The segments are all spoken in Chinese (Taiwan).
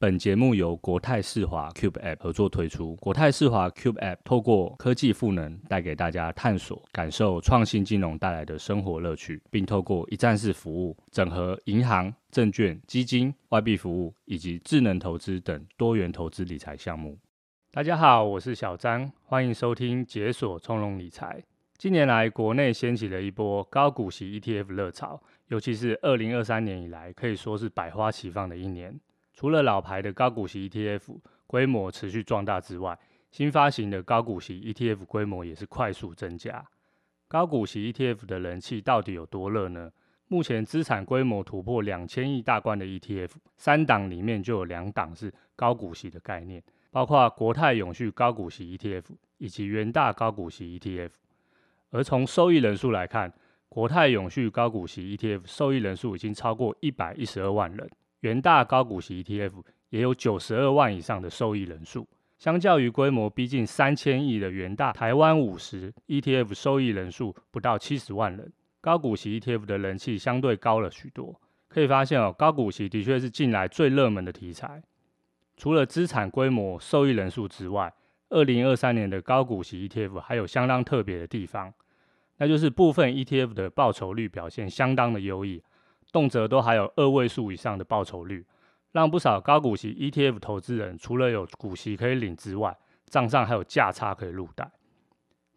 本節目由國泰世華 Cube App 合作推出。國泰世華 Cube App 透過科技賦能，帶給大家探索、感受創新金融帶來的生活樂趣，並透過一站式服務，整合銀行、證券、基金、外幣服務以及智能投資等多元投資理財項目。大家好，我是小張，歡迎收聽《解鎖從容理財》。近年來，國內掀起了一波高股息 ETF 熱潮，尤其是二零二三年以來，可以說是百花齊放的一年。除了老牌的高股息 ETF 規模持續壯大之外，新發行的高股息 ETF 規模也是快速增加。高股息 ETF 的人氣到底有多熱呢？目前資產規模突破兩千億大關的 ETF，三檔裡面就有兩檔是高股息的概念，包括國泰永續高股息 ETF 以及元大高股息 ETF。而從受益人數來看，國泰永續高股息 ETF 受益人數已經超過一百一十二萬人。元大高股息 ETF 也有九十二萬以上的受益人數，相較於規模逼近三千億的元大台灣五十 ETF，受益人數不到七十萬人，高股息 ETF 的人氣相對高了許多。可以發現哦，高股息的確是近來最熱門的題材。除了資產規模、受益人數之外，二零二三年的高股息 ETF 還有相當特別的地方，那就是部分 ETF 的報酬率表現相當的優異。動輒都還有二位數以上的報酬率，讓不少高股息 ETF 投資人除了有股息可以領之外，賬上還有價差可以入袋。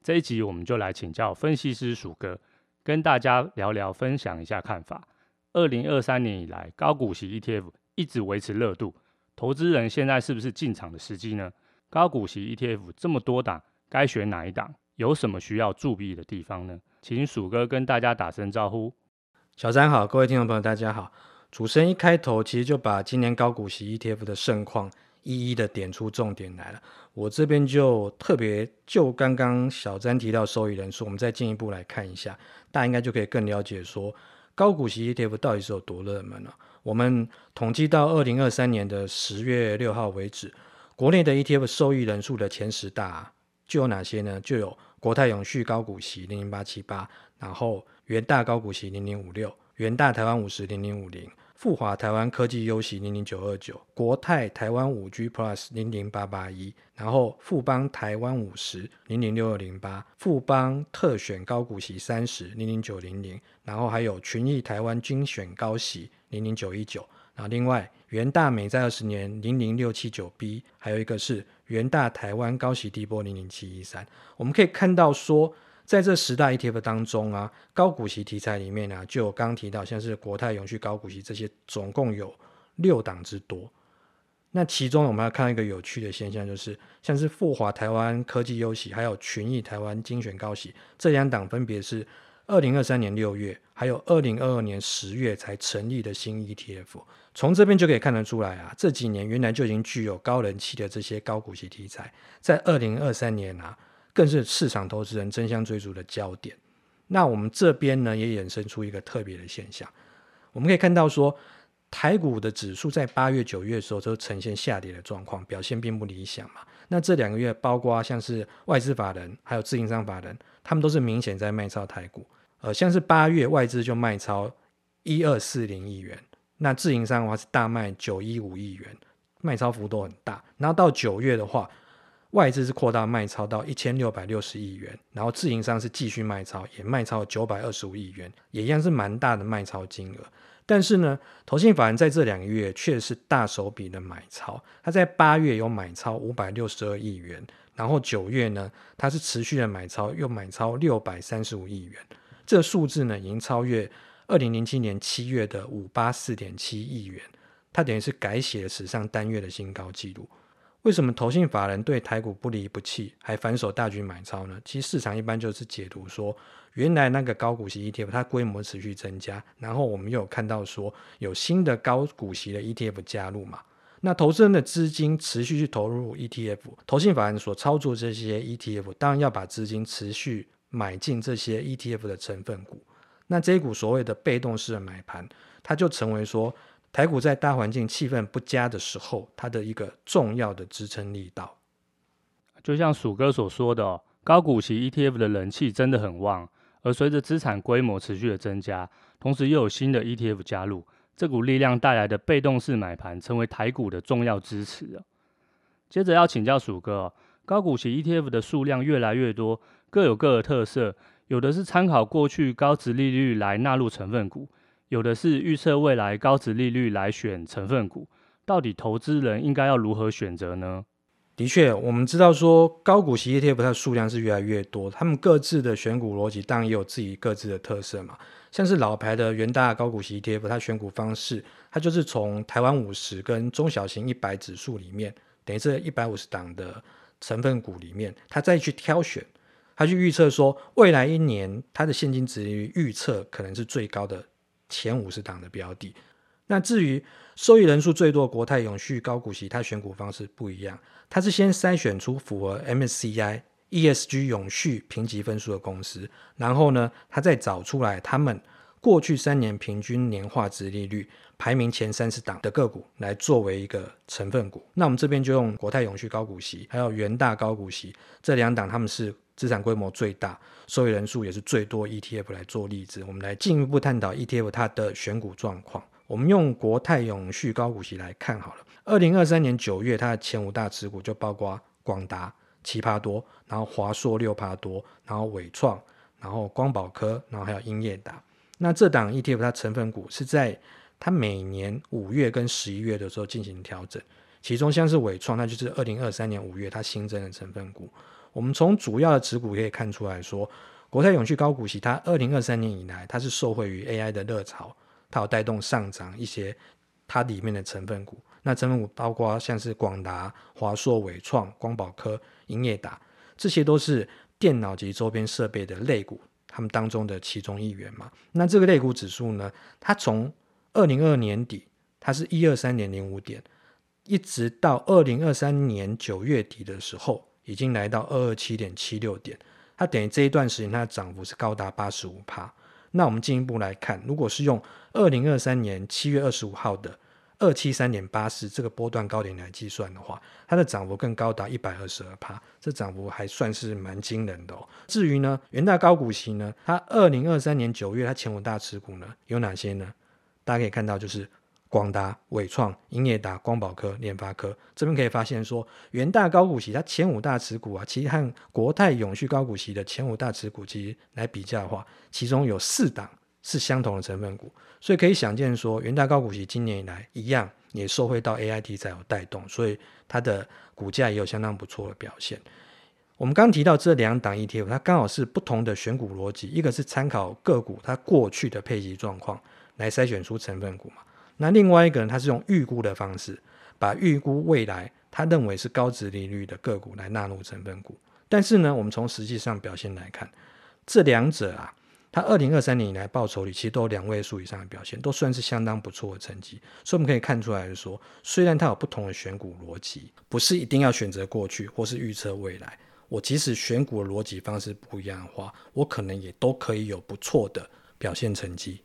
這一集我們就來請教分析師鼠哥，跟大家聊聊，分享一下看法。二零二三年以來，高股息 ETF 一直維持熱度，投資人現在是不是進場的時機呢？高股息 ETF 這麼多檔，該選哪一檔？有什麼需要注意的地方呢？請鼠哥跟大家打聲招呼。小詹好，各位聽眾朋友，大家好。主持人一開頭其實就把今年高股息 ETF 的盛況一一的點出重點來了。我這邊就特別就剛剛小詹提到受益人數，我們再進一步來看一下，大家應該就可以更了解說高股息 ETF 到底是有多熱門了、啊。我們統計到二零二三年的十月六號為止，國內的 ETF 受益人數的前十大、啊、就有哪些呢？就有國泰永續高股息零零八七八，然後。元大高股息零零五六，元大台灣五十零零五零，富華台灣科技優息零零九二九，國泰台灣五 G Plus 零零八八一，1, 然後富邦台灣五十零零六二零八，富邦特選高股息三十零零九零零，然後還有群益台灣精選高息零零九一九，然後另外元大美債二十年零零六七九 B，還有一個是元大台灣高息低波零零七一三，我們可以看到說。在這十大 ETF 當中啊，高股息題材裡面呢、啊，就有剛提到，像是國泰永續高股息這些，總共有六檔之多。那其中我們要看一個有趣的現象，就是像是復華台灣科技優息，還有群益台灣精選高息這兩檔，分別是二零二三年六月，還有二零二二年十月才成立的新 ETF。從這邊就可以看得出來啊，這幾年原來就已經具有高人氣的這些高股息題材，在二零二三年啊。更是市場投資人爭相追逐的焦點。那我們這邊呢，也衍生出一個特別的現象。我們可以看到說，台股的指數在八月、九月的時候就呈現下跌的狀況，表現並不理想嘛。那這兩個月，包括像是外資法人，還有自營商法人，他們都是明顯在賣超台股。呃，像是八月外資就賣超一二四零億元，那自營商的話是大賣九一五億元，賣超幅度很大。然後到九月的話，外資是擴大賣超到一千六百六十億元，然後自營商是繼續賣超，也賣超九百二十五億元，也一樣是蠻大的賣超金額。但是呢，投信法人在這兩個月確實是大手筆的買超，他在八月有買超五百六十二億元，然後九月呢，他是持續的買超，又買超六百三十五億元。這個數字呢，已經超越二零零七年七月的五八四點七億元，它等於是改寫史上單月的新高紀錄。為什麼投信法人對台股不離不棄，還反手大舉買超呢？其實市場一般就是解讀說，原來那個高股息 ETF 它規模持續增加，然後我們又有看到說有新的高股息的 ETF 加入嘛，那投資人的資金持續去投入 ETF，投信法人所操作這些 ETF，當然要把資金持續買進這些 ETF 的成分股，那這一股所謂的被動式的買盤，它就成為說。台股在大環境氣氛不佳的時候，它的一個重要的支撐力道，就像鼠哥所說的，高股息 ETF 的人氣真的很旺，而隨着資產規模持續的增加，同時又有新的 ETF 加入，這股力量帶來的被動式買盤，成為台股的重要支持。接著要請教鼠哥，高股息 ETF 的數量越來越多，各有各的特色，有的是參考過去高殖利率來納入成分股。有的是預測未來高殖利率來選成分股，到底投資人應該要如何選擇呢？的確，我們知道說高股息 ETF 它的數量是越來越多，他們各自的選股邏輯，當然也有自己各自的特色嘛。像是老牌的元大高股息 ETF 它的選股方式，它就是從台灣五十跟中小型一百指數裡面，等於是一百五十檔的成分股裡面，他再去挑選，他去預測說未來一年它的現金殖利率預測可能是最高的。前五十檔的標的，那至於受益人數最多的國泰永續高股息，它的選股方式不一樣，它是先篩選出符合 MSCI ESG 永續評級分數的公司，然後呢，它再找出來他們過去三年平均年化殖利率排名前三十檔的個股來作為一個成分股。那我們這邊就用國泰永續高股息，還有元大高股息這兩檔，他們是，資產規模最大、受益人數也是最多 ETF 來做例子，我們來進一步探討 ETF 它的選股狀況。我們用國泰永續高股息來看好了。二零二三年九月，它的前五大持股就包括廣達七趴多，然後華碩六趴多，然後緯創，然後光寶科，然後還有英業達。那這檔 ETF 它成分股是在它每年五月跟十一月的時候進行調整，其中像是緯創，那就是二零二三年五月它新增的成分股。我們從主要的持股可以看出來說，國泰永續高股息，它二零二三年以來，它是受惠於 AI 的熱潮，它有帶動上漲一些它裡面的成分股。那成分股包括像是廣達、華碩、緯創、光寶科、英業達，這些都是電腦及周邊設備的類股，他們當中的其中一員嘛。那這個類股指數呢，它從二零二二年底，它是一二三年零五點，一直到二零二三年九月底的時候，已經來到二二七點七六點，它等於這一段時間它的漲幅是高達八十五趴。那我們進一步來看，如果是用二零二三年七月二十五號的二七三點八四這個波段高點來計算的話，它的漲幅更高達一百二十二趴，這漲幅還算是蠻驚人的哦。至於呢，元大高股息呢，它二零二三年九月它前五大持股呢有哪些呢？大家可以看到就是。廣達、緯創、英業達、光寶科、聯發科這邊可以發現說，說元大高股息它前五大持股啊，其實和國泰永續高股息的前五大持股其實來比較的話，其中有四檔是相同的成分股，所以可以想見說，元大高股息今年以來一樣也受惠到 A I T 才有帶動，所以它的股價也有相當不錯的表現。我們剛提到這兩檔 E T F，它剛好是不同的選股邏輯，一個是參考個股它過去的配息狀況來篩選出成分股嘛。那另外一個人，他是用預估的方式，把預估未來他認為是高殖利率的個股來納入成分股。但是呢，我們從實際上表現來看，這兩者啊，它二零二三年以來報酬率其實都有兩位數以上的表現，都算是相當不錯的成績。所以我們可以看出來，說雖然它有不同的選股邏輯，不是一定要選擇過去或是預測未來，我即使選股的邏輯方式不一樣的話，我可能也都可以有不錯的表現成績。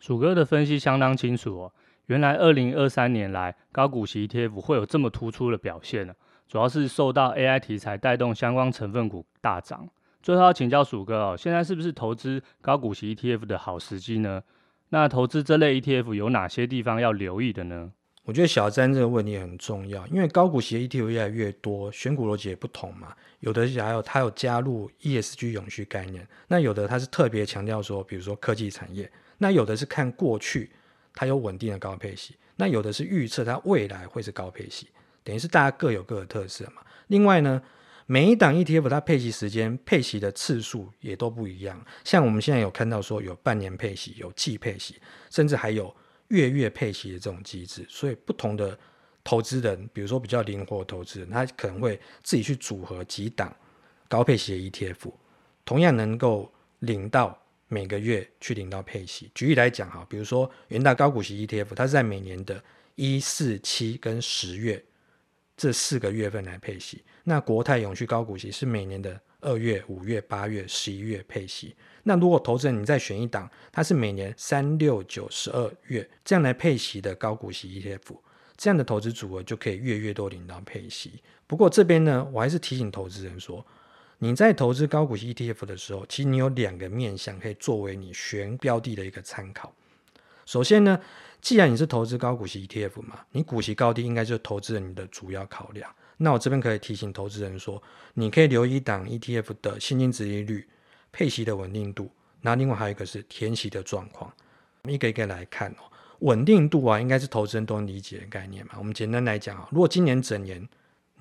鼠哥的分析相當清楚哦，原來二零二三年來高股息 ETF 會有這麼突出的表現呢啊，主要是受到 AI 題材帶動相關成分股大漲。最後要請教鼠哥哦，現在是不是投資高股息 ETF 的好時機呢？那投資這類 ETF 有哪些地方要留意的呢？我覺得小詹這個問題很重要，因為高股息 ETF 越來越多，選股邏輯也不同嘛，有的還有它有加入 ESG 永續概念，那有的它是特別強調說，比如說科技產業。那有的是看過去它有穩定的高配息，那有的是預測它未來會是高配息，等於是大家各有各的特色嘛。另外呢，每一檔 ETF 它配息時間、配息的次數也都不一樣。像我們現在有看到說有半年配息、有季配息，甚至還有月月配息的這種機制。所以不同的投資人，比如說比較靈活的投資人，他可能會自己去組合幾檔高配息的 ETF，同樣能夠領到。每個月去領到配息。舉例來講，哈，比如說元大高股息 ETF，它是在每年的一四七跟十月這四個月份來配息。那國泰永續高股息是每年的二月、五月、八月、十一月配息。那如果投資人你再選一檔，它是每年三六九十二月這樣來配息的高股息 ETF，這樣的投資組合就可以月月都領到配息。不過這邊呢，我還是提醒投資人說。你在投資高股息 ETF 的時候，其實你有兩個面向可以作為你選標的的一個參考。首先呢，既然你是投資高股息 ETF 嘛，你股息高低應該就是投資人你的主要考量。那我這邊可以提醒投資人說，你可以留意檔 ETF 的現金殖利率、配息的穩定度，那另外還有一個是填息的狀況。我們一個一個來看哦，穩定度啊，應該是投資人都能理解的概念嘛。我們簡單來講，啊，如果今年整年。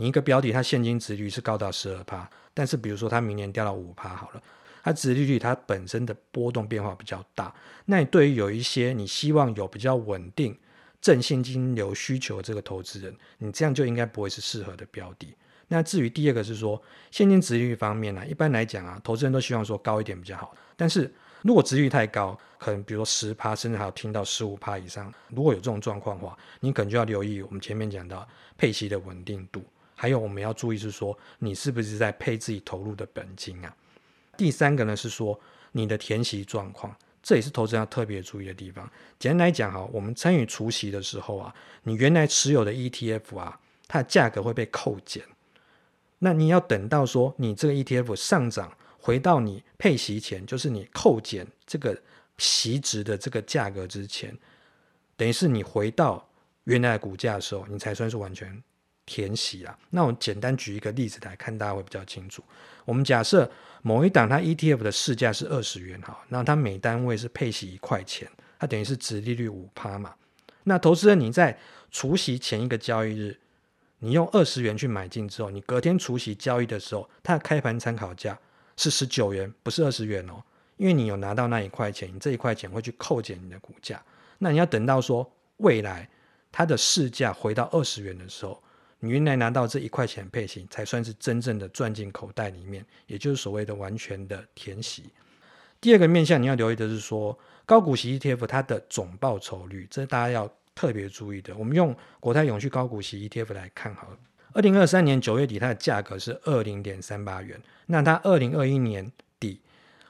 你一個標的，它現金殖率是高到十二趴，但是比如說它明年掉到五趴好了，它殖利率它本身的波動變化比較大。那你對於有一些你希望有比較穩定正現金流需求的這個投資人，你這樣就應該不會是適合的標的。那至於第二個是說現金殖率方面呢、啊，一般來講啊，投資人都希望說高一點比較好。但是如果殖率太高，可能比如說十趴，甚至還有聽到十五趴以上，如果有這種狀況的話，你可能就要留意我們前面講到配息的穩定度。還有，我們要注意是說，你是不是在配自己投入的本金啊？第三個呢是說你的填息狀況，這也是投資人要特別注意的地方。簡單來講哈、啊，我們參與除息的時候啊，你原來持有的 ETF 啊，它的價格會被扣減。那你要等到說你這個 ETF 上漲回到你配息前，就是你扣減這個息值的這個價格之前，等於是你回到原來的股價的時候，你才算是完全。填息啊，那我簡單舉一個例子來看，大家會比較清楚。我們假設某一檔它 ETF 的市價是二十元哈，那它每單位是配息一塊錢，它等於是殖利率五趴嘛。那投資人你在除息前一個交易日，你用二十元去買進之後，你隔天除息交易的時候，它的開盤參考價是十九元，不是二十元哦，因為你有拿到那一塊錢，你這一塊錢會去扣減你的股價。那你要等到說未來它的市價回到二十元的時候。你原來拿到這一塊錢配息，才算是真正的賺進口袋裡面，也就是所謂的完全的填息。第二個面向你要留意的是說，高股息 ETF 它的總報酬率，這是大家要特別注意的。我們用國泰永續高股息 ETF 來看好了，二零二三年九月底它的價格是二零點三八元，那它二零二一年底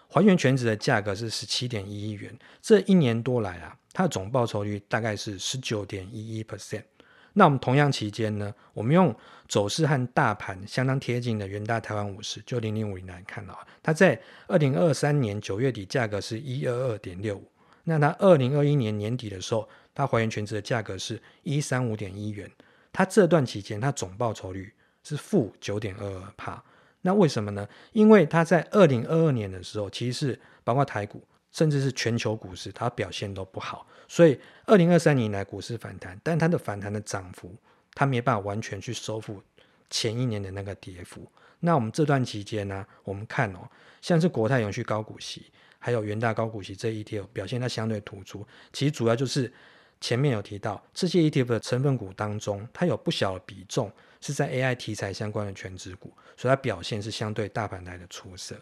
還原權值的價格是十七點一一元，這一年多來啊，它的總報酬率大概是十九點一一 percent。那我們同樣期間呢，我們用走勢和大盤相當貼近的元大台灣五十就零零五零來看啊，它在二零二三年九月底價格是一二二點六五，那它二零二一年年底的時候，它還原權值的價格是一三五點一元，它這段期間它總報酬率是負九點二二趴，那為什麼呢？因為它在二零二二年的時候，其實是包括台股，甚至是全球股市，它表現都不好，所以二零二三年以來股市反彈，但它的反彈的漲幅，它沒辦法完全去收復前一年的那個跌幅。那我們這段期間呢，我們看哦，像是國泰永續高股息，還有元大高股息這 ETF 表現，它相對突出。其實主要就是前面有提到，這些 ETF 的成分股當中，它有不小的比重是在 AI 題材相關的權值股，所以它表現是相對大盤來的出色。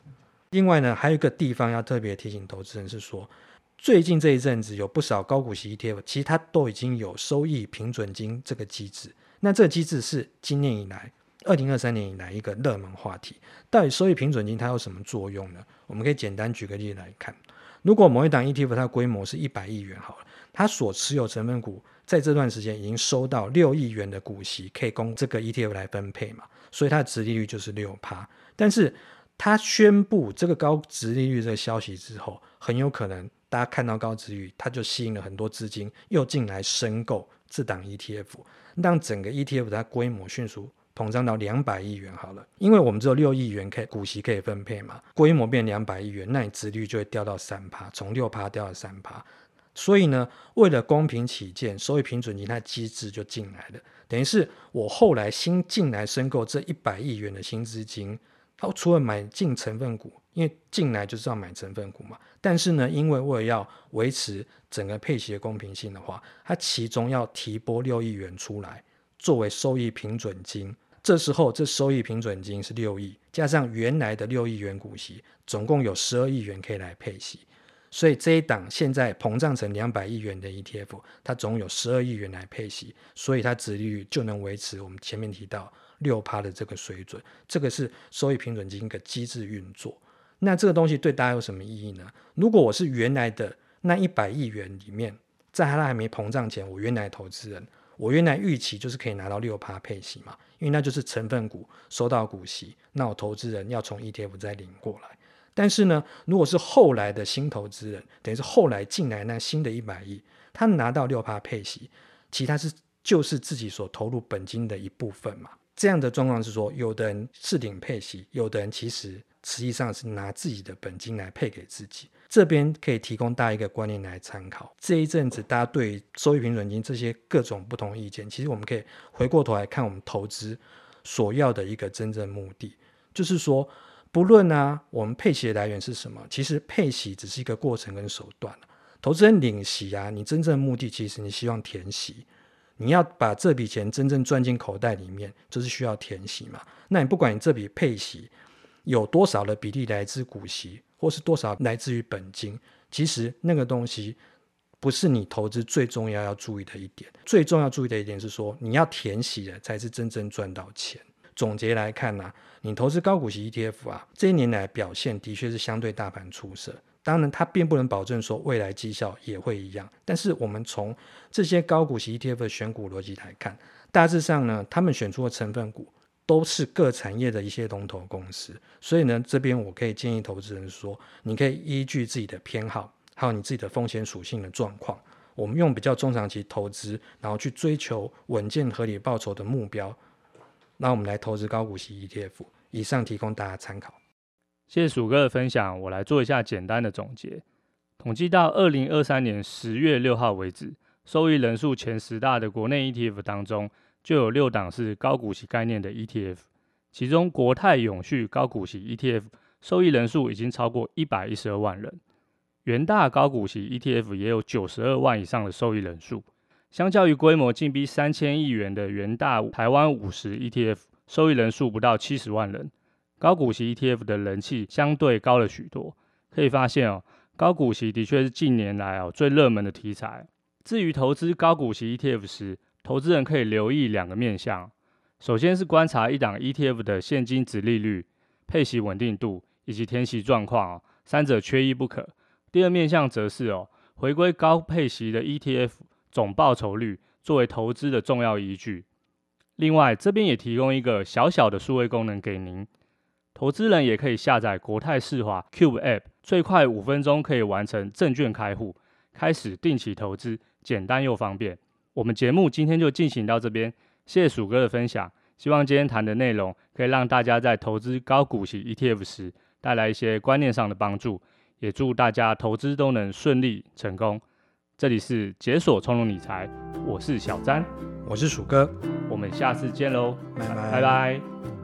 另外呢，還有一個地方要特別提醒投資人是說，最近這一陣子有不少高股息 ETF，其實它都已經有收益平準金這個機制。那這個機制是今年以來、二零二三年以來一個熱門話題。到底收益平準金它有什麼作用呢？我們可以簡單舉個例子來看：如果某一檔 ETF 它的規模是一百億元，好了，它所持有成分股在這段時間已經收到六億元的股息，可以供這個 ETF 來分配嘛，所以它的殖利率就是六趴。但是他宣布這個高殖利率這個消息之後，很有可能大家看到高殖率，他就吸引了很多資金又進來申購這檔 ETF，讓整個 ETF 它規模迅速膨脹到兩百億元好了。因為我們只有六億元可以股息可以分配嘛，規模變兩百億元，那你殖率就會掉到三趴，從六趴掉到三趴。所以呢，為了公平起見，收益平準金它的機制就進來了，等於是我後來新進來申購這一百億元的新資金。它、哦、除了買進成分股，因為進來就是要買成分股嘛。但是呢，因為為了要維持整個配息的公平性的話，它其中要提撥六億元出來作為收益平準金。這時候，這收益平準金是六億，加上原來的六億元股息，總共有十二億元可以來配息。所以這一檔現在膨脹成兩百億元的 ETF，它總有十二億元來配息，所以它殖利率就能維持我們前面提到。六趴的這個水準，這個是收益平準金的機制運作。那這個東西對大家有什麼意義呢？如果我是原來的那一百億元裡面，在它還沒膨脹前，我原來投資人，我原來預期就是可以拿到六趴配息嘛，因為那就是成分股收到股息，那我投資人要從 ETF 再領過來。但是呢，如果是後來的新投資人，等於是後來進來那新的一百億，他拿到六趴配息，其他是就是自己所投入本金的一部分嘛。這樣的狀況是說，有的人是領配息，有的人其實實際上是拿自己的本金來配給自己。這邊可以提供大家一個觀念來參考。這一陣子大家對收益平準金這些各種不同意見，其實我們可以回過頭來看我們投資所要的一個真正目的，就是說，不論、啊、我們配息的來源是什麼，其實配息只是一個過程跟手段。投資人領息啊，你真正的目的其實你希望填息。你要把這筆錢真正賺進口袋裡面，就是需要填息嘛。那你不管你這筆配息有多少的比例來自股息，或是多少來自於本金，其實那個東西不是你投資最重要要注意的一點。最重要注意的一點是說，你要填息的才是真正賺到錢。總結來看呢，啊，你投資高股息 ETF 啊，這一年來表現的確是相對大盤出色。當然，它並不能保證說未來績效也會一樣。但是我們從這些高股息 ETF 的選股邏輯來看，大致上呢，他們選出的成分股都是各產業的一些龍頭公司。所以呢，這邊我可以建議投資人說，你可以依據自己的偏好，還有你自己的風險屬性的狀況，我們用比較中長期投資，然後去追求穩健合理報酬的目標。那我們來投資高股息 ETF，以上提供大家參考。謝謝鼠哥的分享，我來做一下簡單的總結。統計到二零二三年十月六號為止，受益人數前十大的國內 ETF 當中，就有六檔是高股息概念的 ETF。其中，國泰永續高股息 ETF 受益人數已經超過一百一十二萬人，元大高股息 ETF 也有九十二萬以上的受益人數。相較於規模近逼三千億元的元大台灣五十 ETF，受益人數不到七十萬人。高股息 ETF 的人氣相對高了許多，可以發現哦，高股息的確是近年來哦最熱門的題材。至於投資高股息 ETF 時，投資人可以留意兩個面向：首先是觀察一檔 ETF 的現金殖利率、配息穩定度以及填息狀況哦，三者缺一不可。第二面向則是哦回歸高配息的 ETF 總報酬率作為投資的重要依據。另外，這邊也提供一個小小的數位功能給您。投資人也可以下載國泰世華 Cube App，最快五分鐘可以完成證券開戶，開始定期投資，簡單又方便。我們節目今天就進行到這邊，謝謝鼠哥的分享。希望今天談的內容可以讓大家在投資高股息 ETF 時帶來一些觀念上的幫助，也祝大家投資都能順利成功。這裡是解鎖從容理財，我是小詹，我是鼠哥，我們下次見嘍，拜拜。拜拜。